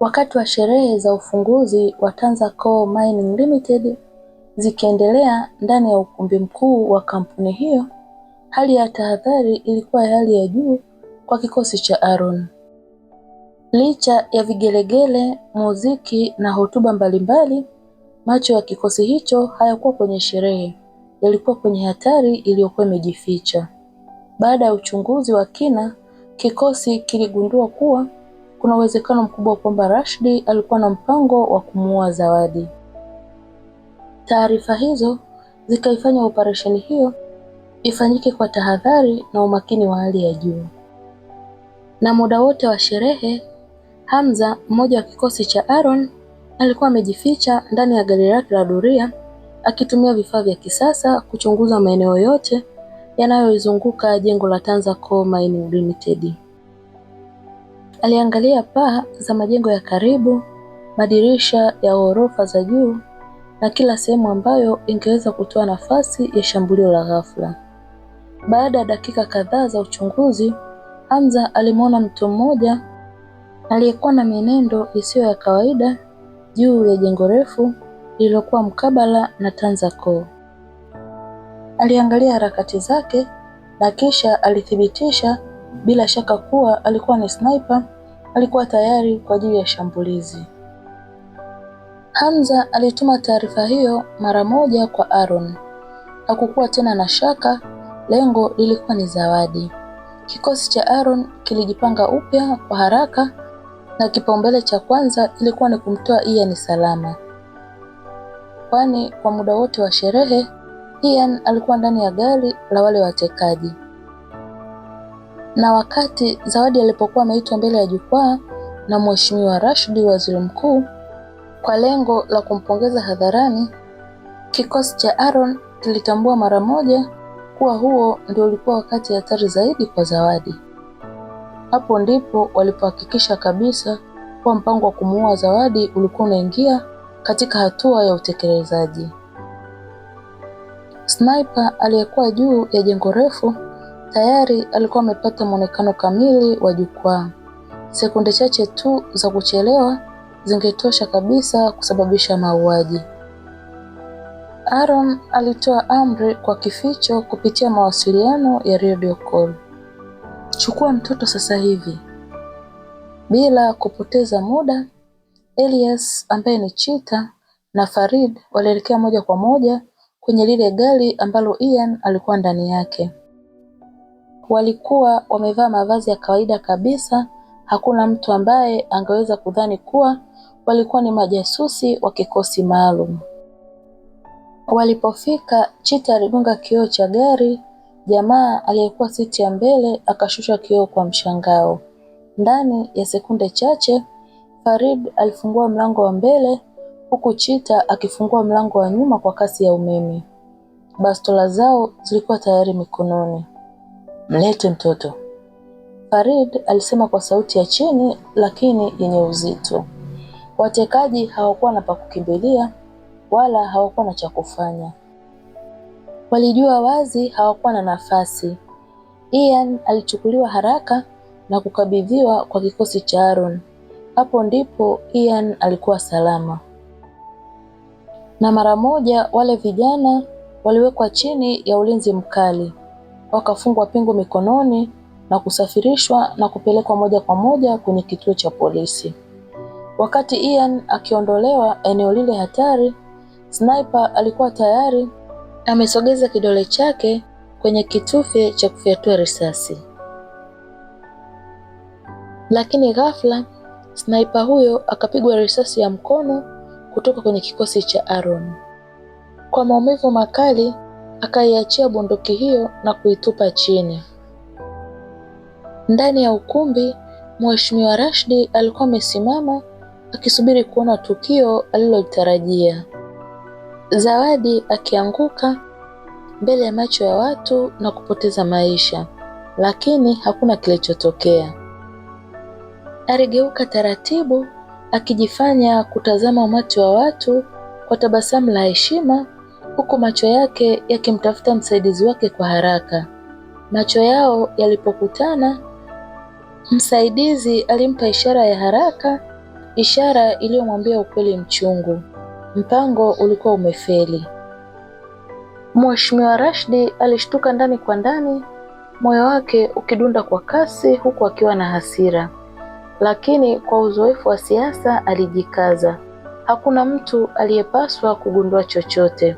Wakati wa sherehe za ufunguzi wa Tanza Coal Mining Limited zikiendelea ndani ya ukumbi mkuu wa kampuni hiyo, hali ya tahadhari ilikuwa ya hali ya juu kwa kikosi cha Aaron. Licha ya vigelegele, muziki na hotuba mbalimbali, macho ya kikosi hicho hayakuwa kwenye sherehe, yalikuwa kwenye hatari iliyokuwa imejificha. Baada ya uchunguzi wa kina, kikosi kiligundua kuwa kuna uwezekano mkubwa kwamba Rashdi alikuwa na mpango wa kumuua Zawadi. Taarifa hizo zikaifanya operesheni hiyo ifanyike kwa tahadhari na umakini wa hali ya juu. Na muda wote wa sherehe, Hamza, mmoja wa kikosi cha Aaron, alikuwa amejificha ndani ya gari lake la doria akitumia vifaa vya kisasa kuchunguza maeneo yote yanayoizunguka jengo la Tanzaco Mining Limited. Aliangalia paa za majengo ya karibu, madirisha ya ghorofa za juu na kila sehemu ambayo ingeweza kutoa nafasi ya shambulio la ghafla. Baada ya dakika kadhaa za uchunguzi, Hamza alimwona mtu mmoja aliyekuwa na mienendo isiyo ya kawaida juu ya jengo refu lililokuwa mkabala na Tanzaco. Aliangalia harakati zake na kisha alithibitisha bila shaka kuwa alikuwa ni sniper, alikuwa tayari kwa ajili ya shambulizi. Hamza alituma taarifa hiyo mara moja kwa Aaron. Hakukuwa tena na shaka, lengo lilikuwa ni zawadi. Kikosi cha Aaron kilijipanga upya kwa haraka na kipaumbele cha kwanza ilikuwa ni kumtoa Ian salama, kwani kwa muda wote wa sherehe Ian alikuwa ndani ya gari la wale watekaji na wakati Zawadi alipokuwa ameitwa mbele ya jukwaa na Mheshimiwa Rashid, waziri mkuu, kwa lengo la kumpongeza hadharani, kikosi cha Aaron kilitambua mara moja kuwa huo ndio ulikuwa wakati hatari zaidi kwa Zawadi. Hapo ndipo walipohakikisha kabisa kuwa mpango wa kumuua Zawadi ulikuwa unaingia katika hatua ya utekelezaji. Sniper aliyekuwa juu ya jengo refu Tayari alikuwa amepata mwonekano kamili wa jukwaa. Sekunde chache tu za kuchelewa zingetosha kabisa kusababisha mauaji. Aaron alitoa amri kwa kificho kupitia mawasiliano ya radio call. Chukua mtoto sasa hivi. Bila kupoteza muda, Elias ambaye ni Chita na Farid walielekea moja kwa moja kwenye lile gari ambalo Ian alikuwa ndani yake walikuwa wamevaa mavazi ya kawaida kabisa, hakuna mtu ambaye angeweza kudhani kuwa walikuwa ni majasusi wa kikosi maalum. Walipofika, Chita aligonga kioo cha gari. Jamaa aliyekuwa siti ya mbele akashusha kioo kwa mshangao. Ndani ya sekunde chache, Farid alifungua mlango wa mbele huku Chita akifungua mlango wa nyuma kwa kasi ya umeme. Bastola zao zilikuwa tayari mikononi mlete mtoto, Farid alisema kwa sauti ya chini lakini yenye uzito. Watekaji hawakuwa na pa kukimbilia wala hawakuwa na cha kufanya, walijua wazi hawakuwa na nafasi. Ian alichukuliwa haraka na kukabidhiwa kwa kikosi cha Aaron. Hapo ndipo Ian alikuwa salama, na mara moja wale vijana waliwekwa chini ya ulinzi mkali wakafungwa pingu mikononi na kusafirishwa na kupelekwa moja kwa moja kwenye kituo cha polisi. Wakati Ian akiondolewa eneo lile hatari, Sniper alikuwa tayari amesogeza kidole chake kwenye kitufe cha kufyatua risasi, lakini ghafla Sniper huyo akapigwa risasi ya mkono kutoka kwenye kikosi cha Aaron. Kwa maumivu makali akaiachia bunduki hiyo na kuitupa chini. Ndani ya ukumbi, Mheshimiwa Rashidi alikuwa amesimama akisubiri kuona tukio alilotarajia. Zawadi akianguka mbele ya macho ya watu na kupoteza maisha, lakini hakuna kilichotokea. Aligeuka taratibu akijifanya kutazama umati wa watu kwa tabasamu la heshima huku macho yake yakimtafuta msaidizi wake kwa haraka. Macho yao yalipokutana, msaidizi alimpa ishara ya haraka, ishara iliyomwambia ukweli mchungu: mpango ulikuwa umefeli. Mheshimiwa Rashidi alishtuka ndani kwa ndani, moyo wake ukidunda kwa kasi, huku akiwa na hasira, lakini kwa uzoefu wa siasa alijikaza. Hakuna mtu aliyepaswa kugundua chochote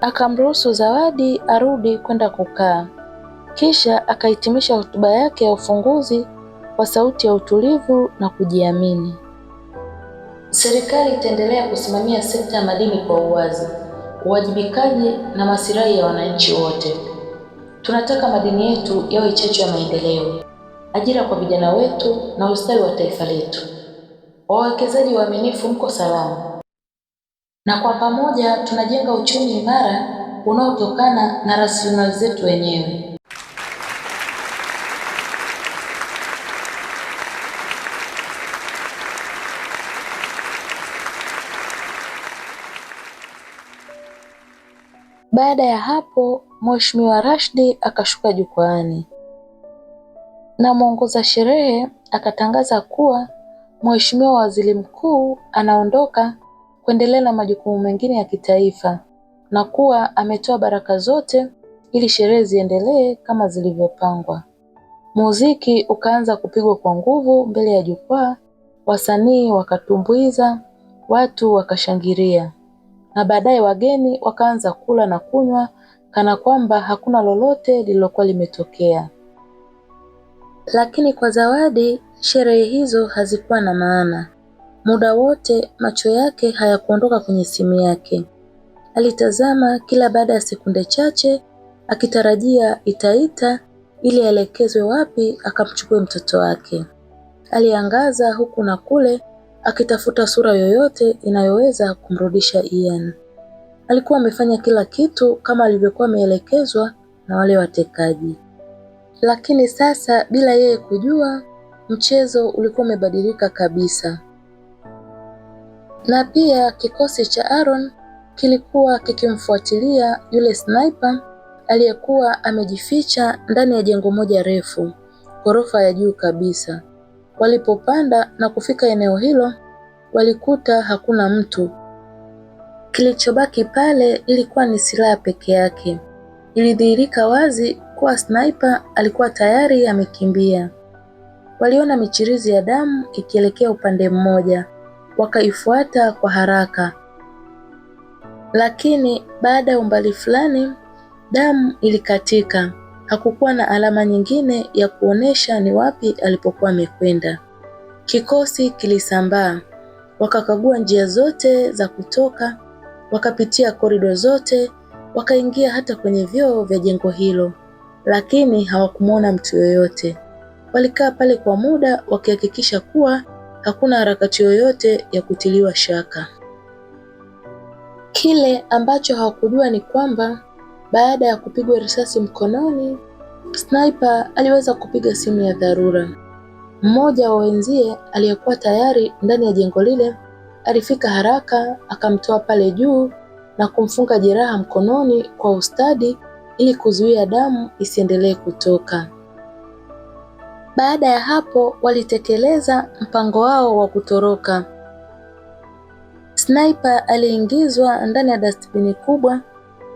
akamruhusu Zawadi arudi kwenda kukaa, kisha akahitimisha hotuba yake ya ufunguzi kwa sauti ya utulivu na kujiamini. Serikali itaendelea kusimamia sekta ya madini kwa uwazi, uwajibikaji na masilahi ya wananchi wote. Tunataka madini yetu yawe chachu ya maendeleo, ajira kwa vijana wetu na ustawi wa taifa letu. Wawekezaji waaminifu, mko salama na kwa pamoja tunajenga uchumi imara unaotokana na rasilimali zetu wenyewe. Baada ya hapo Mheshimiwa Rashdi akashuka jukwaani na mwongoza sherehe akatangaza kuwa Mheshimiwa Waziri Mkuu anaondoka kuendelea na majukumu mengine ya kitaifa na kuwa ametoa baraka zote ili sherehe ziendelee kama zilivyopangwa. Muziki ukaanza kupigwa kwa nguvu mbele ya jukwaa, wasanii wakatumbuiza, watu wakashangilia, na baadaye wageni wakaanza kula na kunywa kana kwamba hakuna lolote lililokuwa limetokea. Lakini kwa Zawadi, sherehe hizo hazikuwa na maana. Muda wote macho yake hayakuondoka kwenye simu yake. Alitazama kila baada ya sekunde chache akitarajia itaita ili aelekezwe wapi akamchukue mtoto wake. Aliangaza huku na kule akitafuta sura yoyote inayoweza kumrudisha Ian. Alikuwa amefanya kila kitu kama alivyokuwa ameelekezwa na wale watekaji. Lakini sasa bila yeye kujua, mchezo ulikuwa umebadilika kabisa na pia kikosi cha Aaron kilikuwa kikimfuatilia yule sniper aliyekuwa amejificha ndani ya jengo moja refu, ghorofa ya juu kabisa. Walipopanda na kufika eneo hilo, walikuta hakuna mtu. Kilichobaki pale ilikuwa ni silaha peke yake. Ilidhihirika wazi kuwa sniper alikuwa tayari amekimbia. Waliona michirizi ya damu ikielekea upande mmoja, wakaifuata kwa haraka, lakini baada ya umbali fulani damu ilikatika. Hakukuwa na alama nyingine ya kuonesha ni wapi alipokuwa amekwenda. Kikosi kilisambaa, wakakagua njia zote za kutoka, wakapitia korido zote, wakaingia hata kwenye vyoo vya jengo hilo, lakini hawakumwona mtu yoyote. Walikaa pale kwa muda wakihakikisha kuwa hakuna harakati yoyote ya kutiliwa shaka. Kile ambacho hawakujua ni kwamba baada ya kupigwa risasi mkononi, sniper aliweza kupiga simu ya dharura. Mmoja wa wenzie aliyekuwa tayari ndani ya jengo lile alifika haraka, akamtoa pale juu na kumfunga jeraha mkononi kwa ustadi ili kuzuia damu isiendelee kutoka. Baada ya hapo, walitekeleza mpango wao wa kutoroka. Sniper aliingizwa ndani ya dustbin kubwa,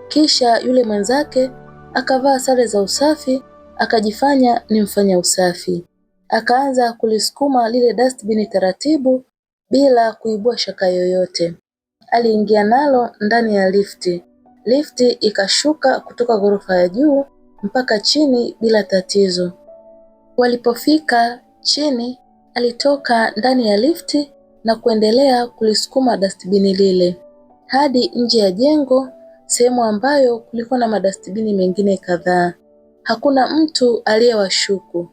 kisha yule mwenzake akavaa sare za usafi, akajifanya ni mfanya usafi, akaanza kulisukuma lile dustbin taratibu, bila kuibua shaka yoyote. Aliingia nalo ndani ya lifti. Lifti ikashuka kutoka ghorofa ya juu mpaka chini bila tatizo. Walipofika chini, alitoka ndani ya lifti na kuendelea kulisukuma dastibini lile hadi nje ya jengo, sehemu ambayo kulikuwa na madastibini mengine kadhaa. Hakuna mtu aliyewashuku.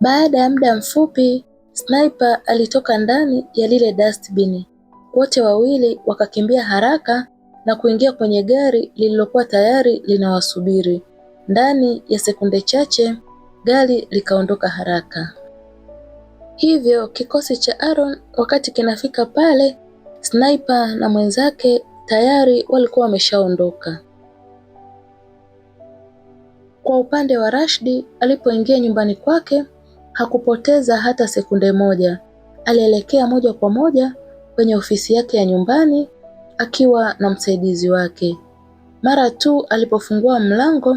Baada ya muda mfupi, Sniper alitoka ndani ya lile dastibini. Wote wawili wakakimbia haraka na kuingia kwenye gari lililokuwa tayari linawasubiri. Ndani ya sekunde chache gari likaondoka haraka. Hivyo kikosi cha Aaron wakati kinafika pale, Sniper na mwenzake tayari walikuwa wameshaondoka. Kwa upande wa Rashdi, alipoingia nyumbani kwake hakupoteza hata sekunde moja. Alielekea moja kwa moja kwenye ofisi yake ya nyumbani akiwa na msaidizi wake. Mara tu alipofungua mlango,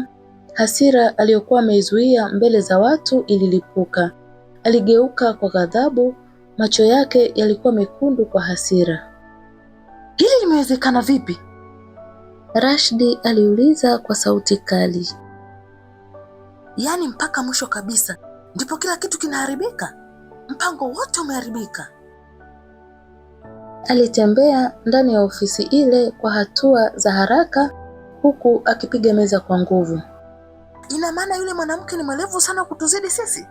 Hasira aliyokuwa ameizuia mbele za watu ililipuka. Aligeuka kwa ghadhabu, macho yake yalikuwa mekundu kwa hasira. Hili limewezekana vipi? Rashdi aliuliza kwa sauti kali. Yaani mpaka mwisho kabisa ndipo kila kitu kinaharibika? Mpango wote umeharibika? Alitembea ndani ya ofisi ile kwa hatua za haraka huku akipiga meza kwa nguvu. Ina maana yule mwanamke ni mwerevu sana kutuzidi sisi,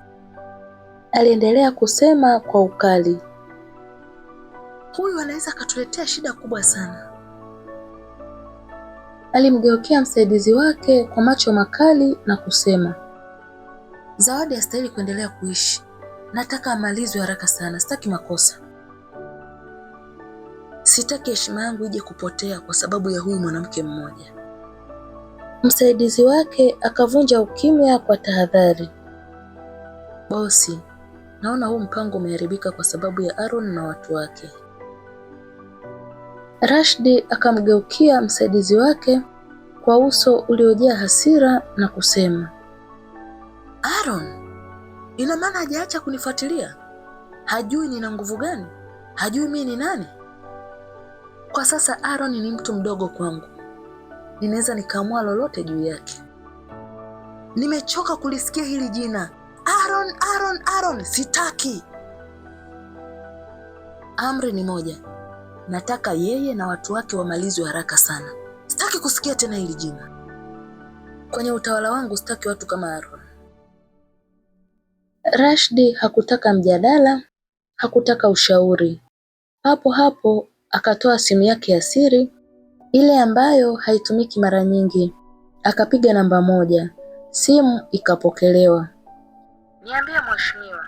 aliendelea kusema kwa ukali. Huyu anaweza akatuletea shida kubwa sana. Alimgeukea msaidizi wake kwa macho makali na kusema, Zawadi hastahili kuendelea kuishi. Nataka amalizwe haraka sana, sitaki makosa, sitaki heshima yangu ije kupotea kwa sababu ya huyu mwanamke mmoja. Msaidizi wake akavunja ukimya kwa tahadhari. Bosi, naona huu mpango umeharibika kwa sababu ya Aaron na watu wake. Rashdi akamgeukia msaidizi wake kwa uso uliojaa hasira na kusema, Aaron, ina maana hajaacha kunifuatilia? Hajui nina nguvu gani? Hajui mimi ni nani? Kwa sasa Aaron ni mtu mdogo kwangu ninaweza nikaamua lolote juu yake. Nimechoka kulisikia hili jina Aaron, Aaron, Aaron, sitaki. Amri ni moja, nataka yeye na watu wake wamalizwe haraka sana. Sitaki kusikia tena hili jina kwenye utawala wangu, sitaki watu kama Aaron. Rashdi hakutaka mjadala, hakutaka ushauri. Hapo hapo akatoa simu yake ya siri ile ambayo haitumiki mara nyingi. Akapiga namba moja, simu ikapokelewa. Niambie mheshimiwa,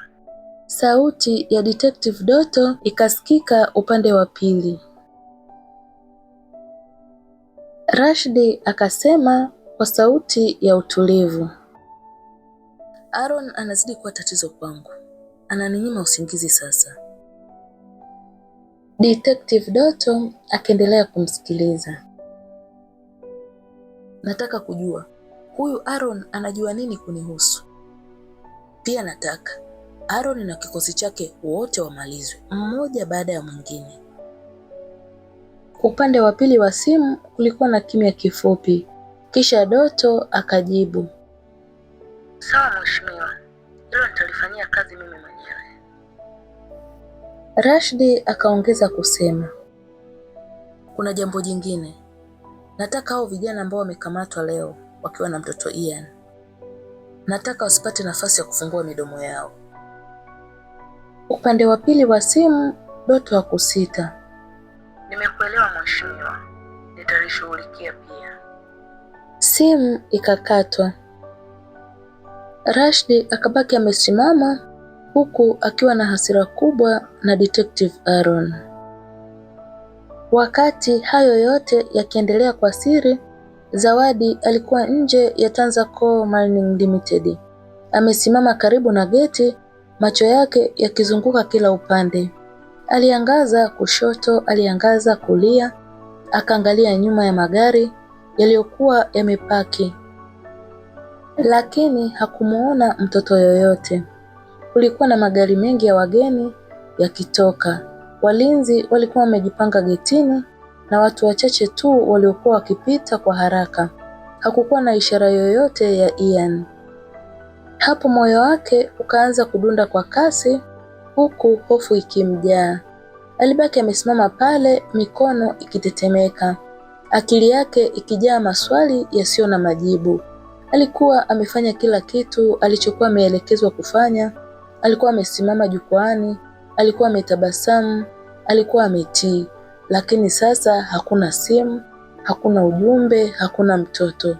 sauti ya Detective Doto ikasikika upande wa pili. Rashidi akasema kwa sauti ya utulivu, Aaron anazidi kuwa tatizo kwangu, ananinyima usingizi sasa. Detective Doto akaendelea kumsikiliza. Nataka kujua huyu Aaron anajua nini kunihusu. Pia nataka Aaron na kikosi chake wote wamalizwe mmoja baada ya mwingine. Upande wa pili wa simu kulikuwa na kimya kifupi, kisha Doto akajibu, sawa mheshimiwa, hilo nitalifanyia kazi mimi mwenyewe. Rashdi akaongeza kusema, kuna jambo jingine nataka hao vijana ambao wamekamatwa leo wakiwa na mtoto Ian, nataka wasipate nafasi ya kufungua midomo yao. Upande wa pili wa simu Doto kusita Nimekuelewa mheshimiwa, nitalishughulikia pia. Simu ikakatwa. Rashdi akabaki amesimama huku akiwa na hasira kubwa na Detective Aaron. Wakati hayo yote yakiendelea kwa siri, Zawadi alikuwa nje ya Tanza Mining Limited. Amesimama karibu na geti, macho yake yakizunguka kila upande. Aliangaza kushoto, aliangaza kulia, akaangalia nyuma ya magari yaliyokuwa yamepaki, lakini hakumuona mtoto yoyote kulikuwa na magari mengi ya wageni yakitoka. Walinzi walikuwa wamejipanga getini na watu wachache tu waliokuwa wakipita kwa haraka. Hakukuwa na ishara yoyote ya Ian. Hapo moyo wake ukaanza kudunda kwa kasi, huku hofu ikimjaa. Alibaki amesimama pale, mikono ikitetemeka, akili yake ikijaa maswali yasiyo na majibu. Alikuwa amefanya kila kitu alichokuwa ameelekezwa kufanya Alikuwa amesimama jukwaani, alikuwa ametabasamu, alikuwa ametii, lakini sasa hakuna simu, hakuna ujumbe, hakuna mtoto.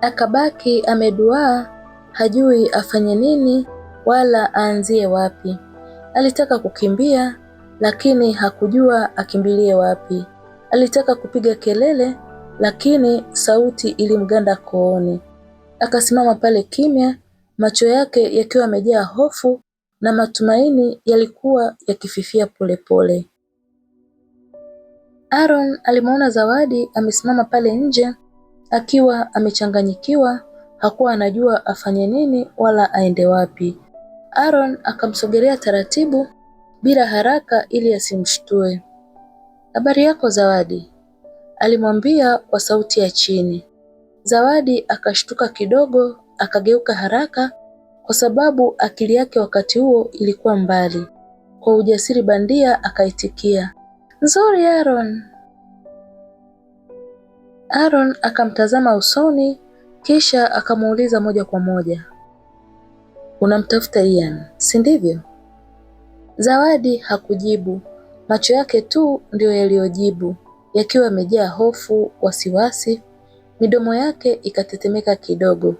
Akabaki ameduaa, hajui afanye nini wala aanzie wapi. Alitaka kukimbia lakini hakujua akimbilie wapi. Alitaka kupiga kelele lakini sauti ilimganda kooni. Akasimama pale kimya macho yake yakiwa yamejaa hofu na matumaini yalikuwa yakififia polepole. Aaron alimuona Zawadi amesimama pale nje akiwa amechanganyikiwa, hakuwa anajua afanye nini wala aende wapi. Aaron akamsogelea taratibu bila haraka ili asimshtue. Habari yako Zawadi, alimwambia kwa sauti ya chini. Zawadi akashtuka kidogo akageuka haraka, kwa sababu akili yake wakati huo ilikuwa mbali. Kwa ujasiri bandia akaitikia, nzuri Aaron. Aaron akamtazama usoni, kisha akamuuliza moja kwa moja, unamtafuta Ian, si ndivyo? Zawadi hakujibu, macho yake tu ndiyo yaliyojibu, yakiwa yamejaa hofu, wasiwasi. Midomo yake ikatetemeka kidogo.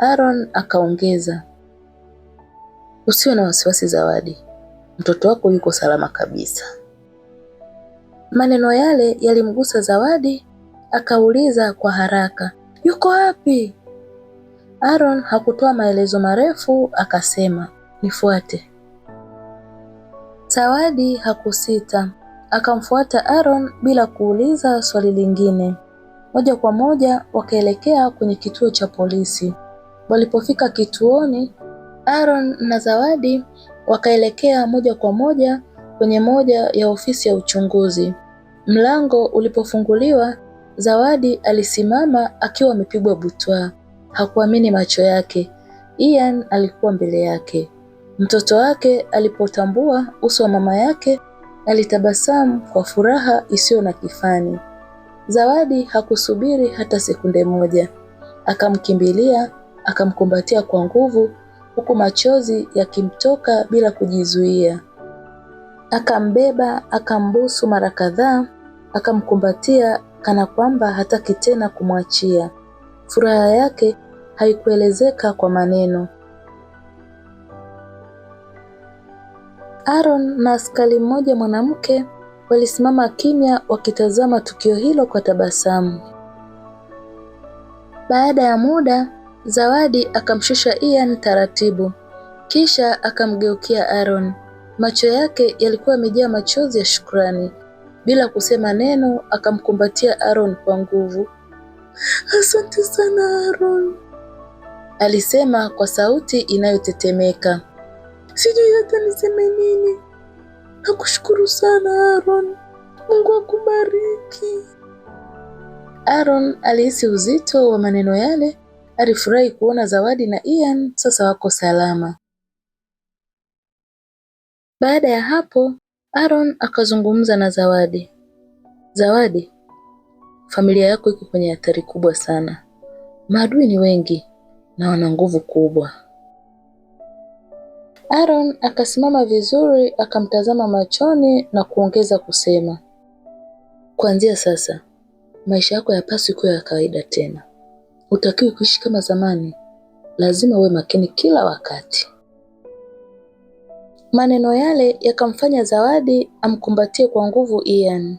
Aaron akaongeza, usiwe na wasiwasi Zawadi, mtoto wako yuko salama kabisa. Maneno yale yalimgusa Zawadi, akauliza kwa haraka, yuko wapi? Aaron hakutoa maelezo marefu, akasema, nifuate. Zawadi hakusita, akamfuata Aaron bila kuuliza swali lingine. Moja kwa moja wakaelekea kwenye kituo cha polisi. Walipofika kituoni, Aaron na Zawadi wakaelekea moja kwa moja kwenye moja ya ofisi ya uchunguzi. Mlango ulipofunguliwa, Zawadi alisimama akiwa amepigwa butwa hakuamini macho yake. Ian alikuwa mbele yake. Mtoto wake alipotambua uso wa mama yake, alitabasamu kwa furaha isiyo na kifani. Zawadi hakusubiri hata sekunde moja, akamkimbilia akamkumbatia kwa nguvu, huku machozi yakimtoka bila kujizuia. Akambeba, akambusu mara kadhaa, akamkumbatia kana kwamba hataki tena kumwachia. Furaha yake haikuelezeka kwa maneno. Aaron na askari mmoja mwanamke walisimama kimya wakitazama tukio hilo kwa tabasamu. Baada ya muda, Zawadi akamshusha Ian taratibu, kisha akamgeukia Aaron. Macho yake yalikuwa yamejaa machozi ya shukrani. Bila kusema neno, akamkumbatia Aaron kwa nguvu. Asante sana Aaron, alisema kwa sauti inayotetemeka. Sijui hata niseme nini. Nakushukuru sana Aaron, Mungu akubariki. Aaron alihisi uzito wa maneno yale alifurahi kuona Zawadi na Ian sasa wako salama. Baada ya hapo, Aaron akazungumza na Zawadi. Zawadi, familia yako iko kwenye hatari kubwa sana. Maadui ni wengi na wana nguvu kubwa. Aaron akasimama vizuri, akamtazama machoni na kuongeza kusema, kuanzia sasa maisha yako yapaswi kuwa ya kawaida tena utakiwe kuishi kama zamani, lazima uwe makini kila wakati. Maneno yale yakamfanya Zawadi amkumbatie kwa nguvu Ian.